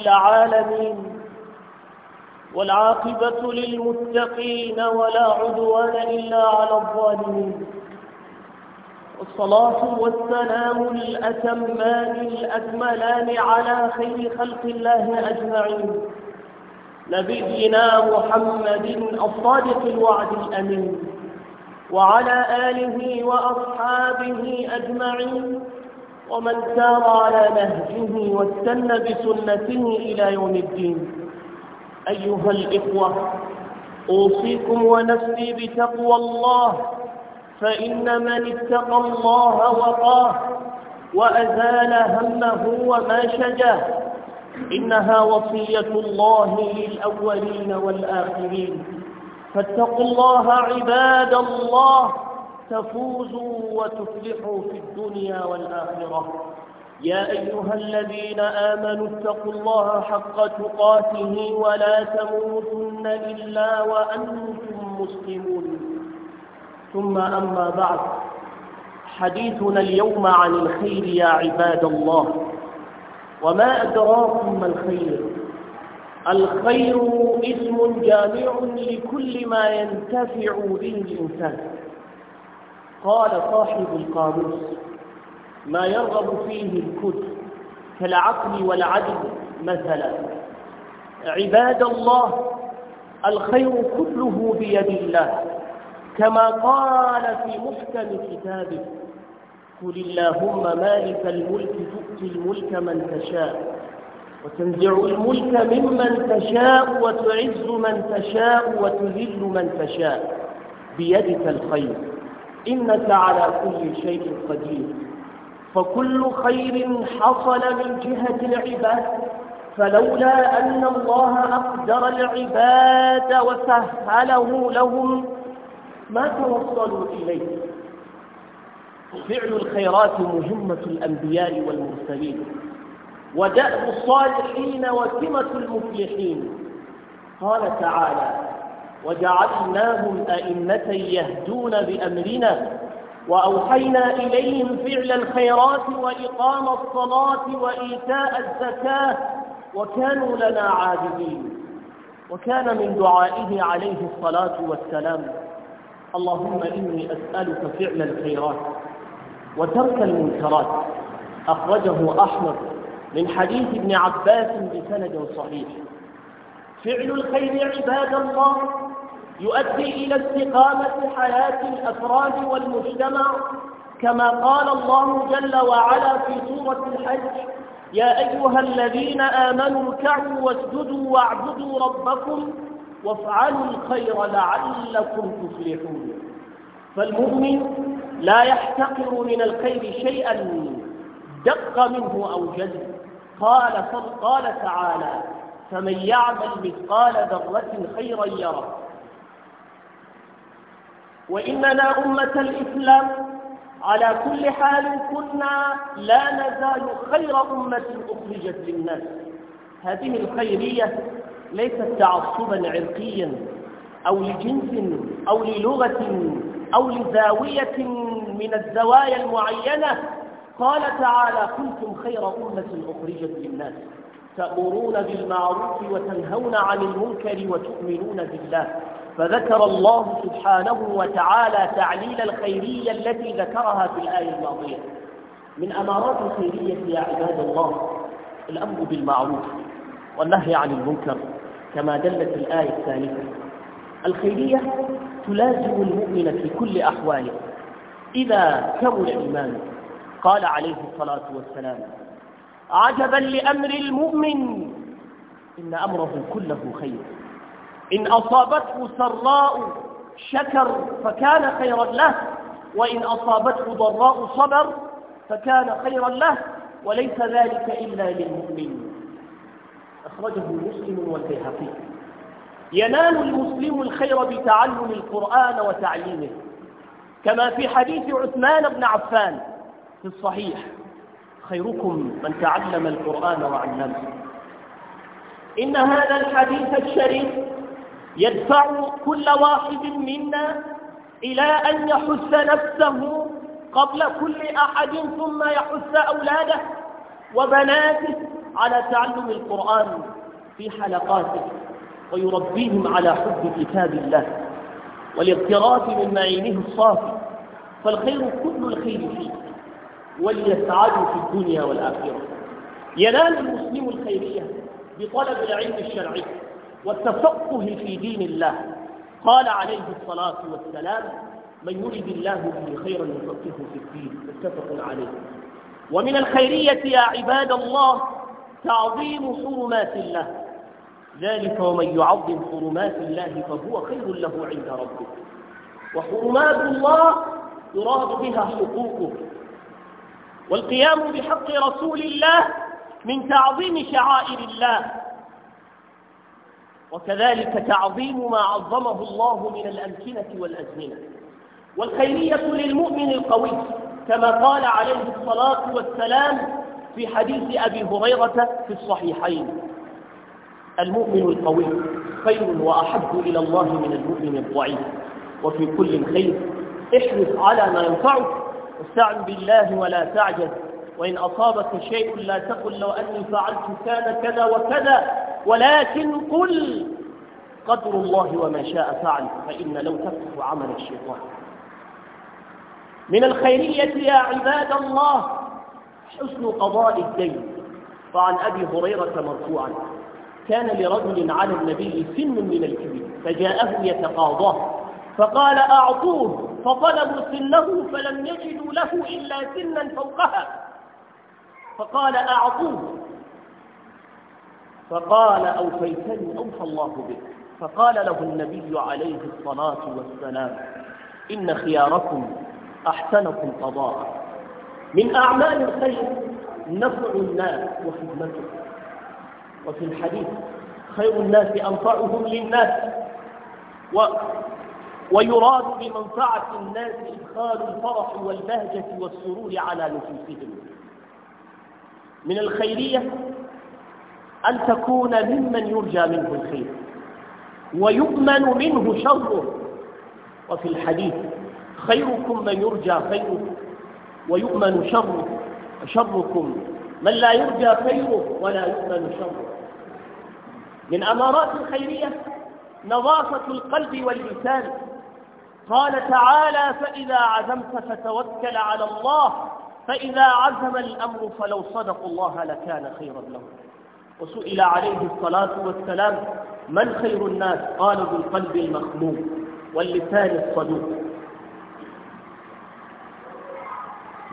العالمين والعاقبة للمتقين ولا عدوان إلا على الظالمين والصلاة والسلام الأتمان الأكملان على خير خلق الله أجمعين نبينا محمد الصادق الوعد الأمين وعلى آله وأصحابه أجمعين ومن سار على نهجه واستنى بسنته إلى يوم الدين أيها الإخوة أوصيكم ونفسي بتقوى الله فإن من اتقى الله وقاه وأزال همه وما شجاه إنها وصية الله للأولين والآخرين فاتقوا الله عباد الله تفوزوا وتفلحوا في الدنيا والآخرة يا أيها الذين آمنوا اتقوا الله حق تقاته ولا تموتن إلا وأنتم مسلمون ثم أما بعد حديثنا اليوم عن الخير يا عباد الله وما أدراكم ما الخير الخير اسم جامع لكل ما ينتفع به الإنسان قال صاحب القاموس ما يرغب فيه الكل كالعقل والعدل مثلا عباد الله الخير كله بيد الله كما قال في محكم كتابه قل اللهم مالك الملك تؤتي الملك من تشاء وتنزع الملك ممن تشاء وتعز من تشاء وتذل من تشاء بيدك الخير إنك على كل شيء قدير فكل خير حصل من جهة العباد فلولا أن الله أقدر العباد وسهله لهم ما توصلوا إليه فعل الخيرات مهمة الأنبياء والمرسلين ودأب الصالحين وسمة المفلحين قال تعالى وجعلناهم أئمة يهدون بأمرنا وأوحينا إليهم فعل الخيرات وإقام الصلاة وإيتاء الزكاة وكانوا لنا عابدين وكان من دعائه عليه الصلاة والسلام اللهم إني أسألك فعل الخيرات وترك المنكرات أخرجه أحمد من حديث ابن عباس بسند صحيح فعل الخير عباد الله يؤدي إلى استقامة حياة الأفراد والمجتمع كما قال الله جل وعلا في سورة الحج يا أيها الذين آمنوا اركعوا واسجدوا واعبدوا ربكم وافعلوا الخير لعلكم تفلحون فالمؤمن لا يحتقر من الخير شيئا دق منه أو جد قال, قال تعالى فمن يعمل مثقال ذرة خيرا يره وإننا أمة الإسلام على كل حال كنا لا نزال خير أمة أخرجت للناس هذه الخيرية ليست تعصبا عرقيا أو لجنس أو للغة أو لزاوية من الزوايا المعينة قال تعالى كنتم خير أمة أخرجت للناس تأمرون بالمعروف وتنهون عن المنكر وتؤمنون بالله فذكر الله سبحانه وتعالى تعليل الخيرية التي ذكرها في الآية الماضية من أمارات الخيرية يا عباد الله الأمر بالمعروف والنهي عن المنكر كما دلت الآية الثالثة الخيرية تلازم المؤمن في كل أحواله إذا كمل الإيمان قال عليه الصلاة والسلام عجبا لأمر المؤمن إن أمره كله خير إن أصابته سراء شكر فكان خيرا له وإن أصابته ضراء صبر فكان خيرا له وليس ذلك إلا للمؤمن أخرجه مسلم والبيهقي ينال المسلم الخير بتعلم القرآن وتعليمه كما في حديث عثمان بن عفان في الصحيح خيركم من تعلم القرآن وعلمه إن هذا الحديث الشريف يدفع كل واحد منا إلى أن يحث نفسه قبل كل أحد ثم يحث أولاده وبناته على تعلم القرآن في حلقاته ويربيهم على حب كتاب الله والاغتراف من معينه الصافي فالخير كل الخير فيه وليسعدوا في الدنيا والآخرة ينال المسلم الخيرية بطلب العلم الشرعي والتفقه في دين الله قال عليه الصلاة والسلام من يرد الله به خيرا يفقهه في الدين متفق عليه ومن الخيرية يا عباد الله تعظيم حرمات الله ذلك ومن يعظم حرمات الله فهو خير له عند ربه وحرمات الله يراد بها حقوقه والقيام بحق رسول الله من تعظيم شعائر الله وكذلك تعظيم ما عظمه الله من الأمكنة والأزمنة والخيرية للمؤمن القوي كما قال عليه الصلاة والسلام في حديث أبي هريرة في الصحيحين المؤمن القوي خير وأحب إلى الله من المؤمن الضعيف وفي كل خير احرص على ما ينفعك واستعن بالله ولا تعجز وإن أصابك شيء لا تقل لو أني فعلت كان كذا وكذا ولكن قل قدر الله وما شاء فعل فإن لو تفتح عمل الشيطان من الخيرية يا عباد الله حسن قضاء الدين وعن أبي هريرة مرفوعا كان لرجل على النبي سن من الكبر فجاءه يتقاضاه فقال أعطوه فطلبوا سنه فلم يجدوا له إلا سنا فوقها فقال أعطوه فقال أوفيتني أوفى الله بك فقال له النبي عليه الصلاة والسلام إن خياركم أحسنكم قضاء من أعمال الخير نفع الناس وخدمتهم وفي الحديث خير الناس أنفعهم للناس و ويراد بمنفعة الناس إدخال الفرح والبهجة والسرور على نفوسهم من الخيرية أن تكون ممن يرجى منه الخير ويؤمن منه شره وفي الحديث خيركم من يرجى خيره ويؤمن شره شركم من لا يرجى خيره ولا يؤمن شره من أمارات الخيرية نظافة القلب واللسان قال تعالى فإذا عزمت فتوكل على الله فإذا عزم الأمر فلو صدقوا الله لكان خيرا لهم وسئل عليه الصلاة والسلام من خير الناس قال ذو القلب المخموم واللسان الصدوق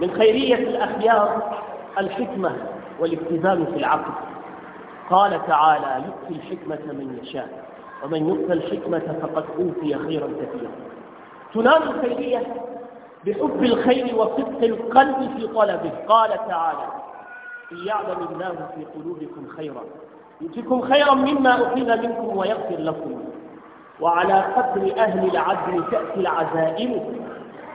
من خيرية الأخيار الحكمة والالتزام في العقل قال تعالى يؤتي الحكمة من يشاء ومن يؤتى الحكمة فقد أوتي خيرا كثيرا تنال الخيرية بحب الخير وصدق القلب في طلبه قال تعالى ليعلم الله في قلوبكم خيرا يؤتكم خيرا مما أخذ منكم ويغفر لكم وعلى قدر أهل العدل تأتي العزائم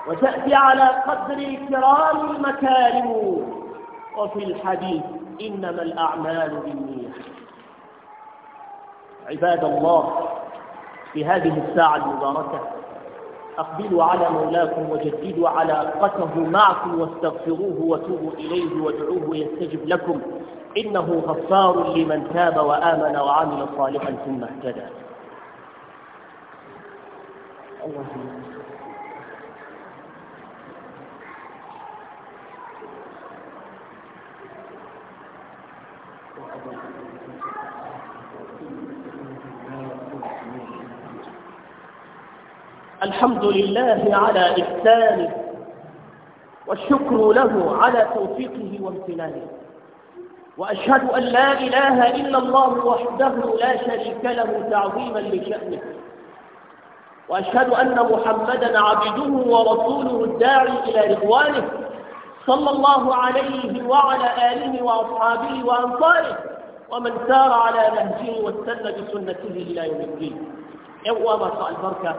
وتأتي على قدر الكرام المكارم وفي الحديث إنما الأعمال بالنية عباد الله في هذه الساعة المباركة أقبلوا على مولاكم وجددوا على علاقته معكم واستغفروه وتوبوا إليه وادعوه يستجب لكم إنه غفار لمن تاب وآمن وعمل صالحا ثم اهتدى اللهم الحمد لله على إحسانه والشكر له على توفيقه وامتنانه وأشهد أن لا إله إلا الله وحده لا شريك له تعظيما لشأنه وأشهد أن محمدا عبده ورسوله الداعي إلى رضوانه صلى الله عليه وعلى آله وأصحابه وأنصاره ومن سار على نهجه واستنى بسنته إلى يوم الدين أوامر البركة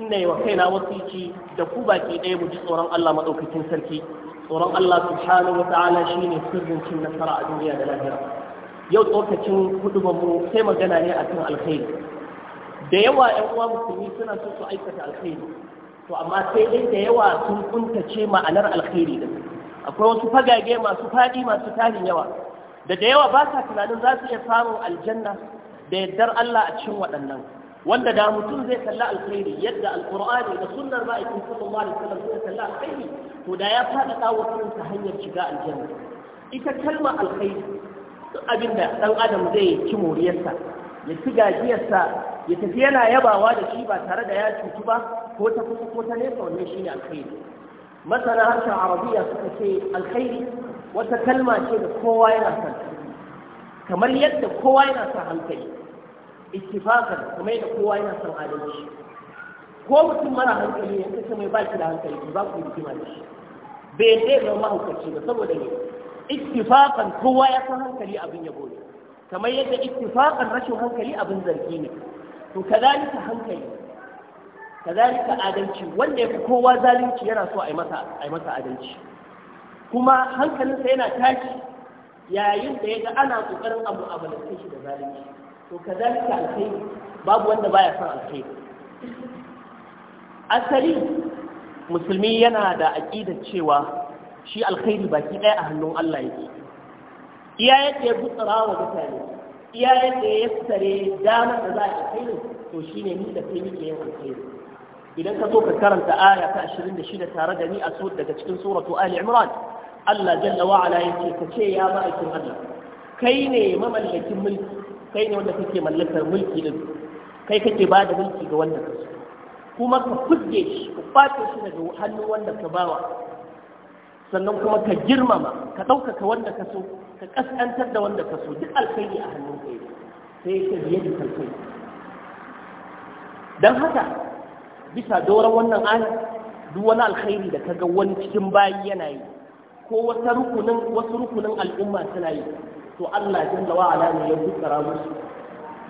ina yi wa kaina wasici da ku baki ɗaya mu ji tsoron Allah maɗaukakin sarki tsoron Allah subhanahu wata'ala shine sirrin cin nasara a duniya da lahira yau tsokacin hudubar mu sai magana ne akan alkhairi da yawa ƴan uwa musulmi suna so su aikata alkhairi to amma sai dai da yawa sun kuntace ma'anar alkhairi da akwai wasu fagage masu faɗi masu tarin yawa da da yawa ba sa tunanin za su iya samun aljanna da yardar Allah a cikin waɗannan wanda da mutum zai kalla alkhairi yadda alqur'ani da sunnar ma'aikin sallallahu alaihi wasallam zai kalla alkhairi to da ya fada dawo ta hanyar shiga aljanna ita kalma alkhairi abinda dan adam zai ci moriyarsa ya ci gajiyarsa ya tafi yana yabawa da shi ba tare da ya cutu ba ko ta kusa ko ta nesa wannan shine alkhairi masana harshen arabiya suka ce alkhairi wata kalma ce da kowa yana son kamar yadda kowa yana son hankali ittifaqan kuma yadda kowa yana son adalci ko mutum mara hankali ya kace mai baki da hankali ba ku yi da shi bai dai zama mahaukaci ba saboda ne ittifaqan kowa ya san hankali abin yabo ne kamar yadda ittifaqan rashin hankali abin zargi ne to kadalika hankali kadalika adalci wanda ya fi kowa zalunci yana so a yi masa a yi masa adalci kuma hankalinsa yana tashi yayin da ya ga ana kokarin abu abu da shi da zalunci to kazalika alkhairi babu wanda baya son alkhairi asali musulmi yana da aqidar cewa shi alkhairi baki ɗaya a hannun Allah yake iya yadda ya gutsara wa mutane iya yadda ya yassare damar da za a alkhairi to shine ni da kai nake yin alkhairi idan ka zo ka karanta aya ta 26 tare da ni a sura daga cikin suratu Ali Imran Allah jalla wa ala yake ka ce ya ma'aikin Allah kai ne mamallakin mulki kai ne wanda kake mallakar mulki din kai kake ba da mulki ga wanda kuma ka fudge shi ka kwace shi daga hannun wanda ka bawa sannan kuma ka girmama ka ɗaukaka wanda ka so ka ƙasƙantar da wanda ka so duk alkhairi a hannun kai sai ka biye da kalkai don haka bisa doron wannan aya duk wani alkhairi da ka ga wani cikin bayi yana yi ko wasu rukunin al'umma suna yi to Allah jalla wa ala ne ya bukkara musu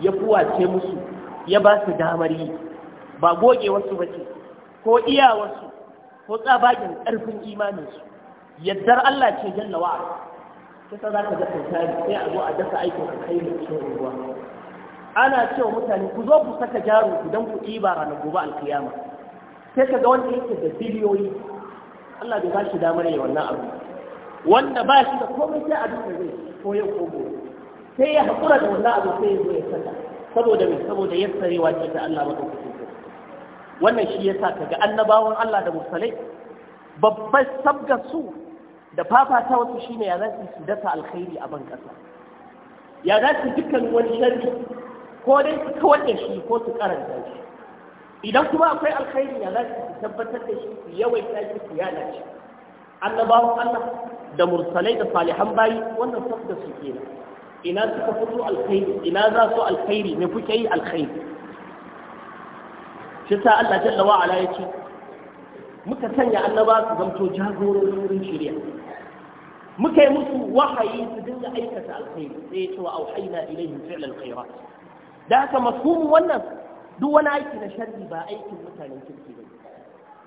ya kuwace musu ya ba su damar yi ba goge wasu bace ko iya wasu ko tsabagen ƙarfin imaninsu yaddar Allah ce jalla wa ala za ka dafa tari sai a zo a dasa aikin ka kai da cikin ruwa ana cewa mutane ku zo ku saka jaro ku dan ku ɗiba ranar gobe alkiyama sai ka ga wanda yake da biliyoyi Allah bai ba shi damar yi wannan abu wanda ba shi da komai sai a duka zai ko ya kogo sai ya haƙura da wanda abu sai ya zo ya saka saboda mai saboda yassarewa ce ta Allah madaukakin sarki wannan shi ya sa yasa ga annabawan Allah da mursalai babbar sabgar su da fafata wasu shine ya za su dasa alkhairi a ban ƙasa ya za su dukkan wani sharri ko dai su kawar da shi ko su karanta shi idan kuma akwai alkhairi ya za su tabbatar da shi su yawaita shi su yana shi annabawan Allah da mursalai da salihan bayi wannan sabda su kenan ina suka fito alkhairi ina za su alkhairi ne kuke yi alkhairi shi sa Allah jalla wa ala yake muka sanya annaba su zamto jagororin wurin shari'a muka yi musu wahayi su dinga aikata alkhairi sai ya ce wa auhayna ilaihim fi'l alkhairat da haka mafhumin wannan duk wani aiki na sharri ba aikin mutanen kirki ba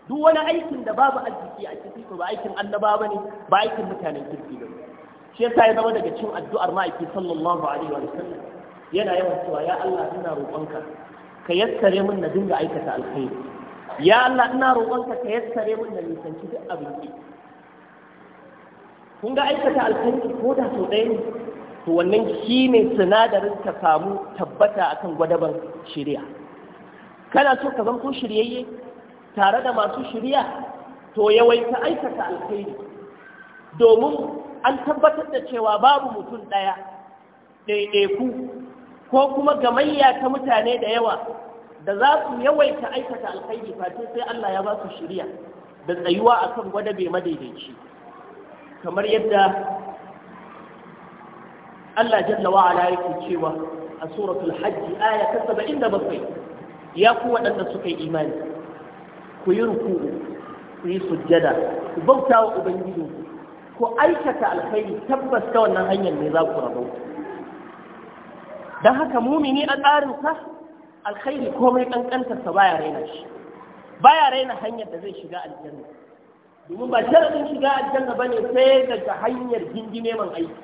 duk wani aikin da babu arziki a cikin to ba aikin annaba ba ne ba aikin mutanen kirki ba shi yasa ya zama daga cikin addu'ar ma'aiki sallallahu alaihi wa sallam yana yawan cewa ya Allah ina roƙonka ka yassare min na dinga aikata alkhairi ya Allah ina roƙonka ka yassare min na nisanci duk abin kun ga aikata alkhairi ko da sau ɗaya ne to wannan shi ne sinadarin ka samu tabbata akan gwadaban shari'a kana so ka zama zanko shiryayye tare da masu shirya to yawaita aikata alkhairi domin an tabbatar da cewa babu mutum ɗaya ɗaiɗaiku ko kuma gamayya ta mutane da yawa da za su yawaita aikata alkhairi face sai Allah ya ba su shirya da tsayuwa akan gwada bai madaidaici kamar yadda Allah jalla wa'ala yake cewa a suratul hajji aya ta 77 ya ku waɗanda suka yi imani ku yi ruku'u ku yi sujjada ku bauta wa ubangiji ku aikata alkhairi tabbas ta wannan hanyar ne za ku rabo don haka mumini a sa, alkhairi komai kankantarsa baya raina shi baya raina hanyar da zai shiga aljanna domin ba sharaɗin shiga aljanna ba ne sai daga hanyar gingime man aiki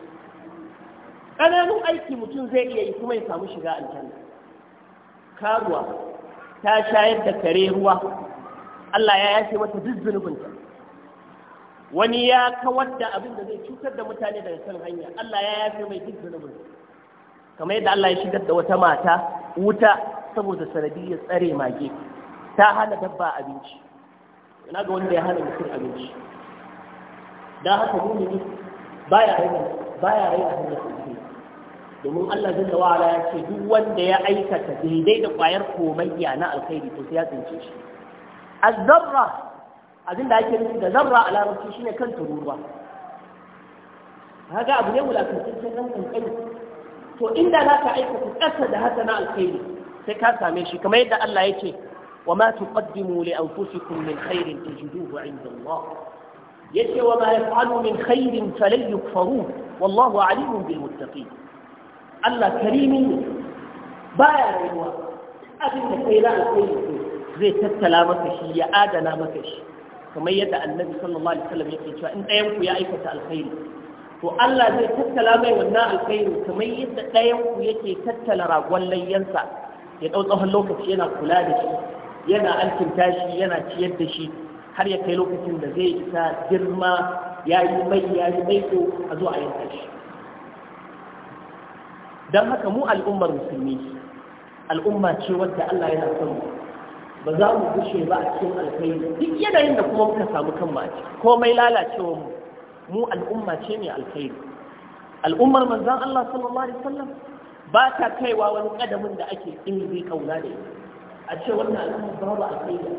ƙananun aiki mutum zai iya yi kuma ya samu shiga aljanna karuwa ta shayar da kare ruwa Allah ya yafe mata duk zunubinta wani ya kawar da abin da zai cutar da mutane daga kan hanya Allah ya yafe mai duk zunubinta kamar yadda Allah ya shigar da wata mata wuta saboda sanadiyar tsare mage ta hana dabba abinci ina ga wanda ya hana mutum abinci dan haka mumini baya raina baya raina hanyar kuskure domin Allah zai wa ala ya ce duk wanda ya aikata daidai da kwayar komayya na alkhairi to sai ya tsince shi الذرة أذن ذلك إذا ذرة على رتشين كان تروى هذا أبو يولا في سلسلة من أجل تو إن لا تعيك تأسد هذا مع الخير سكاسا ميشي كما يدى الله يتي وما تقدموا لأنفسكم من خير تجدوه عند الله يتي وما يفعلوا من خير فلن يكفروه والله عليم بالمتقين الله كريم بايا روى أذن كيلان خير zai tattala maka shi ya adana maka shi kamar yadda annabi sallallahu alaihi wasallam yake cewa in ɗayan ku ya aikata alkhairi to Allah zai tattala mai wannan alkhairi kamar yadda ɗayan ku yake tattala ragon layyansa ya ɗau tsawon lokaci yana kula da shi yana alkinta shi yana ciyar da shi har ya kai lokacin da zai isa girma ya yi mai ya yi mai ko a zuwa yanka shi don haka mu al'ummar musulmi al'umma ce wadda Allah yana son mu ba za mu gushe ba a cikin alkhairi duk yanayin da kuma muka samu kan mace komai lalacewa mu mu al'umma ce mai alkhairi al'ummar manzon Allah sallallahu alaihi wasallam ba ta kaiwa wani kadamin da ake bai kauna da ita a ce wannan al'umma babu alkhairi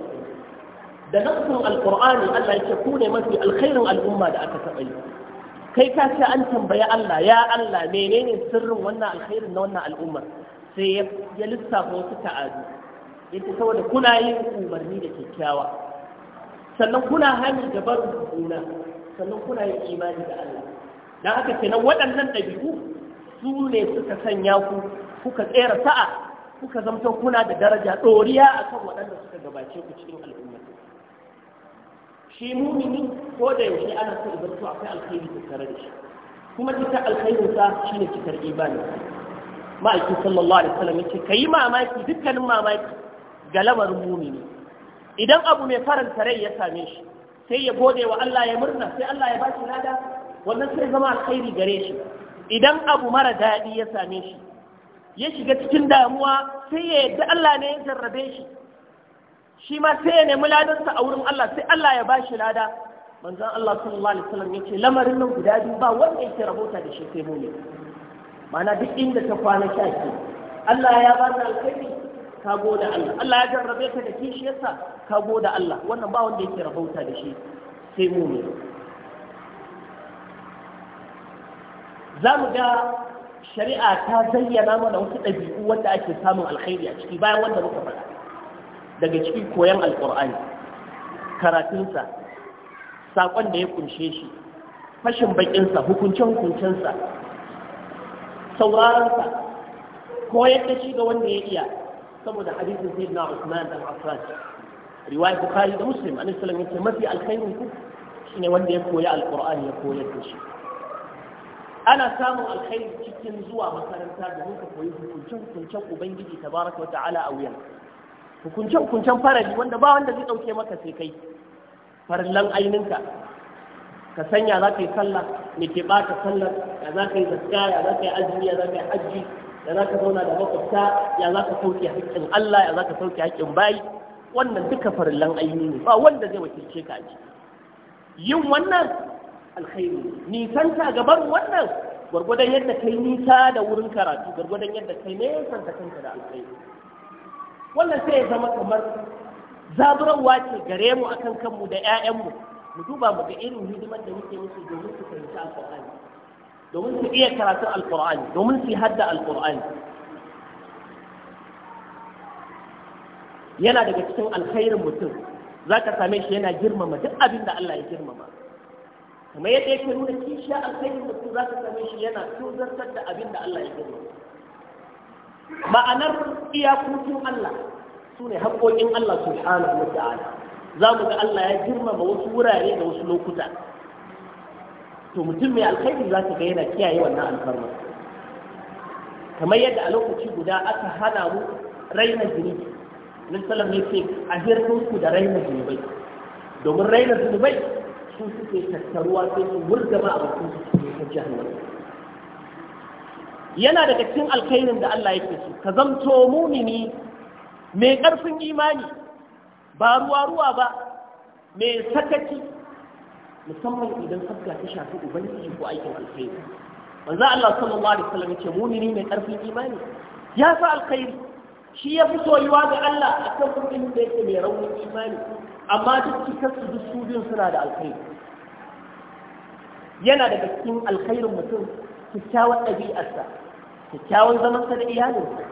da nasin alqur'ani Allah yake ku ne mafi alkhairin al'umma da aka taɓa yi kai ka ce an tambaya Allah ya Allah menene sirrin wannan alkhairin na wannan al'ummar sai ya lissafa wasu ta'adu yadda saboda kuna yin umarni da kyakkyawa sannan kuna hanyar da barin gona sannan kuna yin imani da Allah dan haka kenan waɗannan ɗabi'u su ne suka sanya ku kuka tsere sa'a kuka zamto kuna da daraja ɗoriya akan waɗanda suka gabace ku cikin al'umma shi mumini ko da yaushe ana so idan to akwai alkhairi tare da shi kuma cika alkhairin sa shine cikar imani ma'aikin sallallahu alaihi wasallam yace kai mamaki dukkanin mamaki ga lamarin mumini idan abu mai faranta rai ya same shi sai ya gode wa Allah ya murna sai Allah ya shi lada wannan sai zama alkhairi gare shi idan abu mara daɗi ya same shi ya shiga cikin damuwa sai ya yadda Allah ne ya jarrabe shi shi ma sai ya nemi ladarsa a wurin Allah sai Allah ya shi lada manzon Allah sallallahu alaihi wasallam yace lamarin nan guda biyu ba wanda yake rahota da shi sai mu ne mana duk inda ta kwana kyaki Allah ya ba ta alkhairi ka da Allah Allah ya jarrabe ka da kishiyarsa ka da Allah wannan ba wanda yake rabauta da shi sai mu za mu ga shari'a ta zayyana mana wasu ɗabi'u wanda ake samun alkhairi a ciki bayan wanda muka faɗa daga ciki koyon alƙur'ani karatunsa saƙon da ya kunshe shi fashin baƙinsa hukunce-hukuncensa sauraronsa ko da shi ga wanda ya iya saboda hadisin sayyidina Uthman dan Affan riwaya Bukhari da Muslim annabi sallallahu alaihi wasallam mafi alkhairin ku shine wanda ya koya alqur'ani ya koyar da shi ana samun alkhairi cikin zuwa makaranta da ka koyi hukuncen hukuncen ubangiji tabaraka wa ta'ala a wuyan hukuncen hukuncen faraji wanda ba wanda zai dauke maka sai kai farallan aininka ka sanya za ka yi sallah me ke bata sallar ya za ka yi zakka ya za ka yi azumi ya za ka yi hajji da za ka zauna da makwabta ya za ka sauke haƙƙin Allah ya za ka sauke haƙƙin bayi wannan duka farillan aini ne ba wanda zai wakilce ka ji yin wannan alkhairi nisan ta gaban wannan gwargwadon yadda kai nisa da wurin karatu gwargwadon yadda kai nesan ta kanka da alkhairi wannan sai ya zama kamar zaburarwa ce gare mu akan kanmu da 'ya'yanmu mu duba mu ga irin hidimar da muke musu domin su fahimci alƙur'ani domin su iya karatun alkur'ani domin su hadda alkur'ani yana daga cikin alkhairin mutum za ka same shi yana girmama duk abin da Allah ya girmama kamar yadda yake nuna kishiya alkhairin mutum za ka same shi yana tuzartar da abin da Allah ya girmama ma'anar iyakokin Allah su ne haƙoƙin Allah subhanahu wa ta'ala za mu ga Allah ya girmama wasu wurare da wasu lokuta to mutum mai alkhairi za ka ga yana kiyaye wannan alfarma kamar yadda a lokaci guda aka hana mu raina zunubi nan salam ne ce a hirkunku da raina zunubai domin raina zunubai su suke tattaruwa sai su wurgama a bakin su cikin ta jahannam yana daga cikin alkhairin da Allah yake so ka zamto mumini mai ƙarfin imani ba ruwa ruwa ba mai sakaci musamman idan sabga ta shafi ubangiji ko aikin alkhairi manzo Allah sallallahu alaihi wasallam yace mu'mini mai karfin imani ya fa alkhairi shi ya fi soyuwa ga Allah akan mu'minin da yake mai rauni imani amma duk cikar su duk su biyun suna da alkhairi yana daga cikin alkhairin mutum kyakkyawar ɗabi'arsa kyakkyawan zamansa da iyalinsa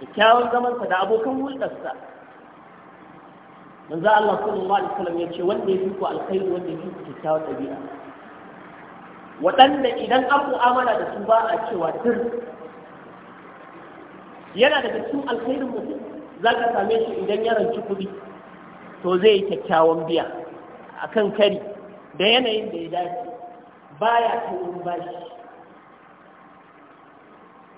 kyakkyawan zamansa da abokan hulɗarsa manzo Allah sallallahu alaihi wasallam ya ce wanda ya fi ku alkhairi wanda ya fi ku kyakkyawa ɗabi'a waɗanda idan an mu'amala da su ba a cewa tur yana daga cikin alkhairin mutum zaka same shi idan ya ranci kuɗi to zai yi kyakkyawan biya a kan kari da yanayin da ya dace baya taurin bashi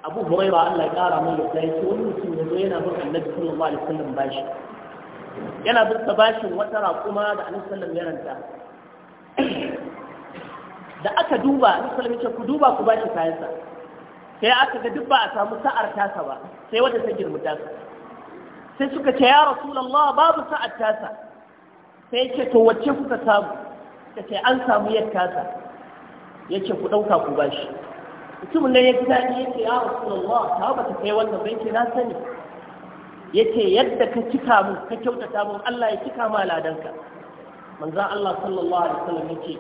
abu huraira Allah ya kara mai yadda yake wani mutum ya yana bin annabi sallallahu alaihi wasallam bashi yana bin sa bashin wata raƙuma da annabi sallallahu ya ranta da aka duba annabi sallallahu ya ku duba ku bashi kayansa sai aka ga duk ba a samu sa'ar tasa ba sai wanda ta girma tasa sai suka ce ya rasulullah babu sa'ar tasa sai ce to wacce kuka samu ta ce an samu yar tasa yace ku ɗauka ku bashi mutumin nan ya ji daɗi ya ce ya rasulullah ta ba ta kai wannan bai ce na sani yace yadda ka cika mu ka kyautata mu Allah ya cika ma ladanka manzon Allah sallallahu alaihi wasallam yace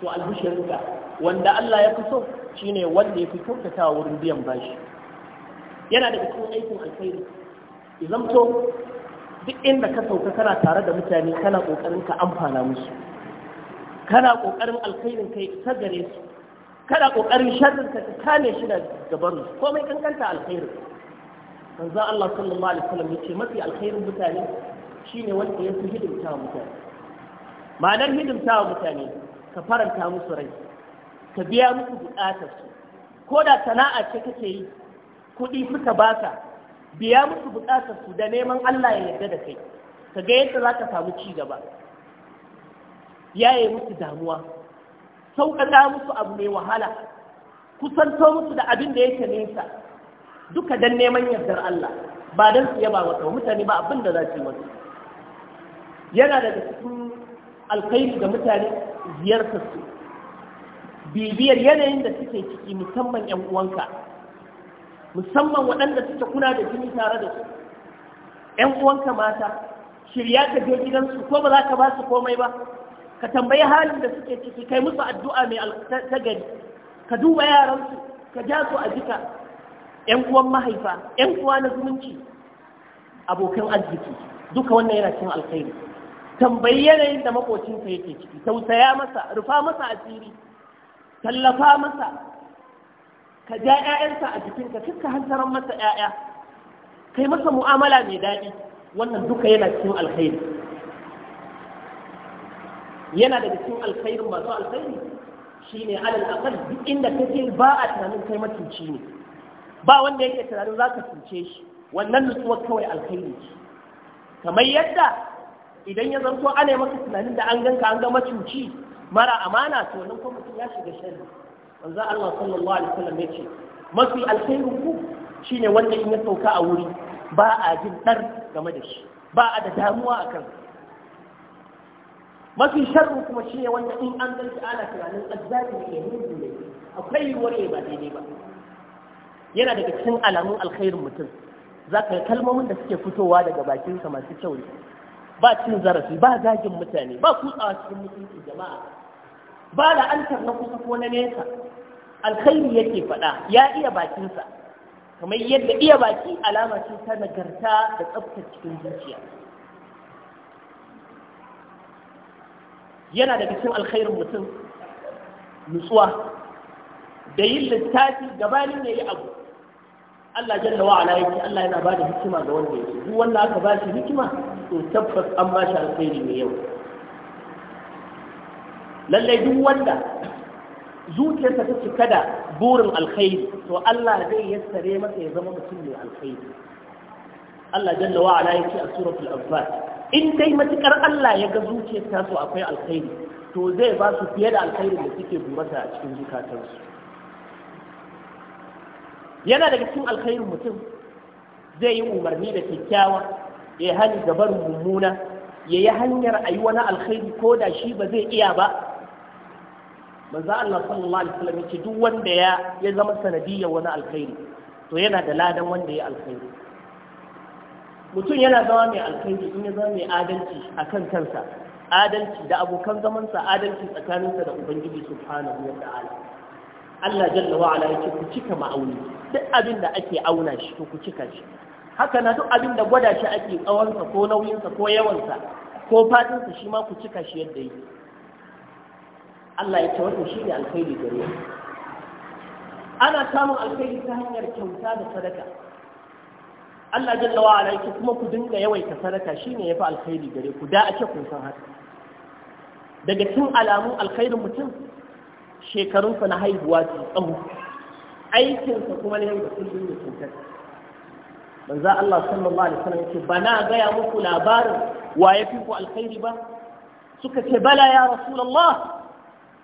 to albishirinka wanda Allah ya fi so shine wanda ya fi kyautata wurin biyan bashi yana daga cikin aikin alkhairi idan to duk inda ka sauka kana tare da mutane kana kokarin ka amfana musu kana kokarin alkhairin kai ta gare su kana kokarin sharrin ka ka kame shi da gaban komai kankanta alkhairin manzo Allah sallallahu alaihi wasallam yace mafi alkhairin mutane shine wanda ya fi hidimta mutane ma'anar hidimta mutane ka faranta musu rai ka biya musu bukatar su ko da sana'a ce kake yi kuɗi suka baka biya musu bukatar su da neman Allah ya yarda da kai ka ga yadda za ka samu ci gaba yaye musu damuwa sauƙaƙa musu abu mai wahala kusanto musu da abin da yake nesa duka dan neman yardar Allah ba dan su yaba wa mutane ba abin da za su yi masa yana daga cikin alkhairi ga mutane ziyartar su bibiyar yanayin da suke ciki musamman yan uwanka musamman waɗanda suke kuna da jini tare da su yan uwanka mata shirya ka je gidansu ko ba za ka ba su komai ba ka tambayi halin da suke ciki kai musu addu'a mai ta gari ka duba yaransu ka ja su a jika ‘yan uwan mahaifa, ‘yan uwa na zumunci, abokan arziki, duka wannan yana cin alkhairi. Tambayi yanayin da makocinsa yake ciki, tausaya masa, rufa masa asiri, tallafa masa, ka ja ‘ya'yansa a jikinka, kakka hantaran masa ‘ya'ya, kai masa mu'amala mai daɗi, wannan duka yana cikin alkhairi. Yana daga cin alkhairin masu alkhairi ne alal akal duk inda kake ba a tunanin kai matuci ne. ba wanda yake tunanin za ka cuce shi wannan nutsuwar kawai alkhairi ce kamar yadda idan ya zarto ana maka tunanin da an ganka an ga macuci mara amana to nan kuma mutum ya shiga sharri manzo Allah sallallahu alaihi wasallam yace mafi alkhairin ku shine wanda in ya sauka a wuri ba a jin dar game da shi ba a da damuwa akan mafi sharru kuma shine wanda in an ganka ana tunanin azzalimi ne akwai yiwuwar ba daidai ba yana daga cikin alamun alkhairin mutum za ka yi kalmomin da suke fitowa daga bakinsa masu kyau ne ba cin zarafi ba zagin mutane ba kutsawa cikin mutunci jama'a ba la'antar na kusa ko na nesa alkhairi yake faɗa ya iya bakinsa kamar yadda iya baki alama ce ta nagarta da tsabtar cikin zuciya yana daga cikin alkhairin mutum nutsuwa da yin littafi gabanin ya yi abu Allah jalla wa ala yake Allah yana bada hikima ga wanda yake duk wanda aka ba shi hikima to tabbas an ba shi alkhairi mai yau lallai duk wanda zuciyarsa ta cika da burin alkhairi to Allah zai yassare masa ya zama mutum mai alkhairi Allah jalla wa ala yake a suratul anfal in dai matukar Allah ya ga zuciyarsa to akwai alkhairi to zai ba su fiye da alkhairin da suke burata a cikin zukatansu yana daga cikin alkhairin mutum zai yi umarni da kyakkyawa ya yi hali gabar mummuna ya yi hanyar a yi wani alkhairi ko da shi ba zai iya ba manzo Allah sallallahu alaihi wasallam yace duk wanda ya ya zama sanadiyya wani alkhairi to yana da ladan wanda ya alkhairi mutum yana zama mai alkhairi in ya zama mai adalci akan kansa adalci da abokan zamansa adalci tsakaninsa da ubangiji subhanahu wa ta'ala Allah jalla wa ala yake ku cika ma'auni duk abin da ake auna shi ko ku cika shi haka na duk abin da gwada shi ake tsawonsa ko nauyinsa ko yawansa ko fatinsa shi ma ku cika shi yadda yi Allah ya ce wannan shi ne alkhairi gare ana samun alkhairi ta hanyar kyauta da sadaka Allah jalla wa ala yake kuma ku dinga yawaita sadaka shine yafi alkhairi gare ku da ake kun san haka daga cin alamun alkhairin mutum shekarunsa na haihuwa ke tsawo aikinsa kuma ne da sun da cutar manzo Allah sallallahu alaihi wasallam yace bana gaya muku labarin wa yafi ku alkhairi ba suka ce bala ya rasulullah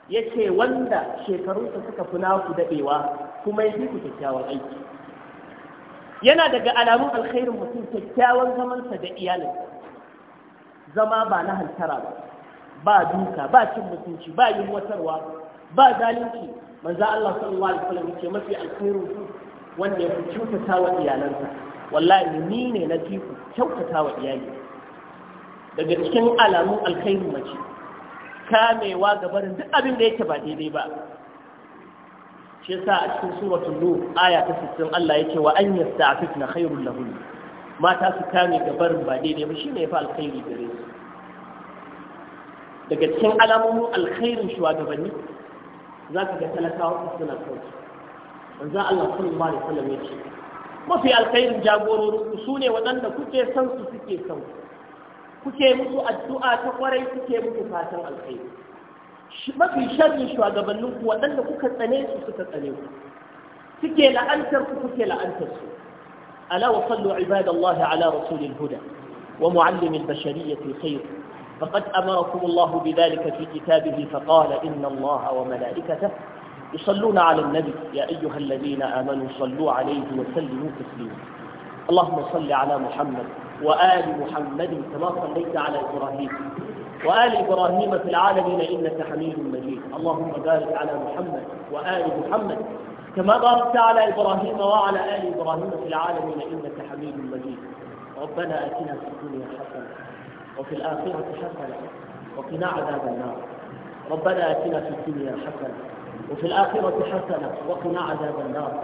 yace wanda shekarunsa suka fi naku dadewa kuma yafi ku kyakkyawan aiki yana daga alamun alkhairin mutum kyakkyawan zamansa da iyalinsa zama ba na hantara ba ba duka ba cin mutunci ba yin watarwa ba zalunci manzo Allah sallallahu alaihi wasallam yace mafi alkhairu wanda ya kyautata wa iyalansa wallahi ni ne na fi kyautata wa iyali daga cikin alamun alkhairu mace kamewa ga barin duk abin da yake ba daidai ba shi yasa a cikin suratul nur aya ta 60 Allah yake wa an yasta'fifna khairul lahum mata su kame ga barin ba daidai ba shine yafi alkhairi gare su daga cikin alamomin alkhairin shugabanni za ka ga talakawa su suna kauce manzo Allah sallallahu alaihi wasallam yace. mafi alkhairin jagororin su sune waɗanda kuke son su suke son kuke musu addu'a ta kwarai kuke musu fatan alkhairi mafi sharrin shugabannin ku waɗanda kuka tsane su suka tsane ku suke la'antar ku kuke la'antar su ala wa sallu ibadallahi ala rasulil huda wa muallimil bashariyati khair فقد أمركم الله بذلك في كتابه فقال إن الله وملائكته يصلون على النبي يا أيها الذين آمنوا صلوا عليه وسلموا تسليما اللهم صل على محمد وآل محمد كما صليت على إبراهيم وآل إبراهيم في العالمين إنك حميد مجيد اللهم بارك على محمد وآل محمد كما باركت على إبراهيم وعلى آل إبراهيم في العالمين إنك حميد مجيد ربنا آتنا في الدنيا حسنة وفي الآخرة حسنة وقنا عذاب النار ربنا آتنا في الدنيا حسنة وفي الآخرة حسنة وقنا عذاب النار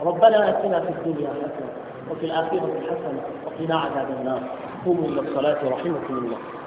ربنا آتنا في الدنيا حسنة وفي الآخرة حسنة وقنا عذاب النار قوموا بالصلاة رحمكم الله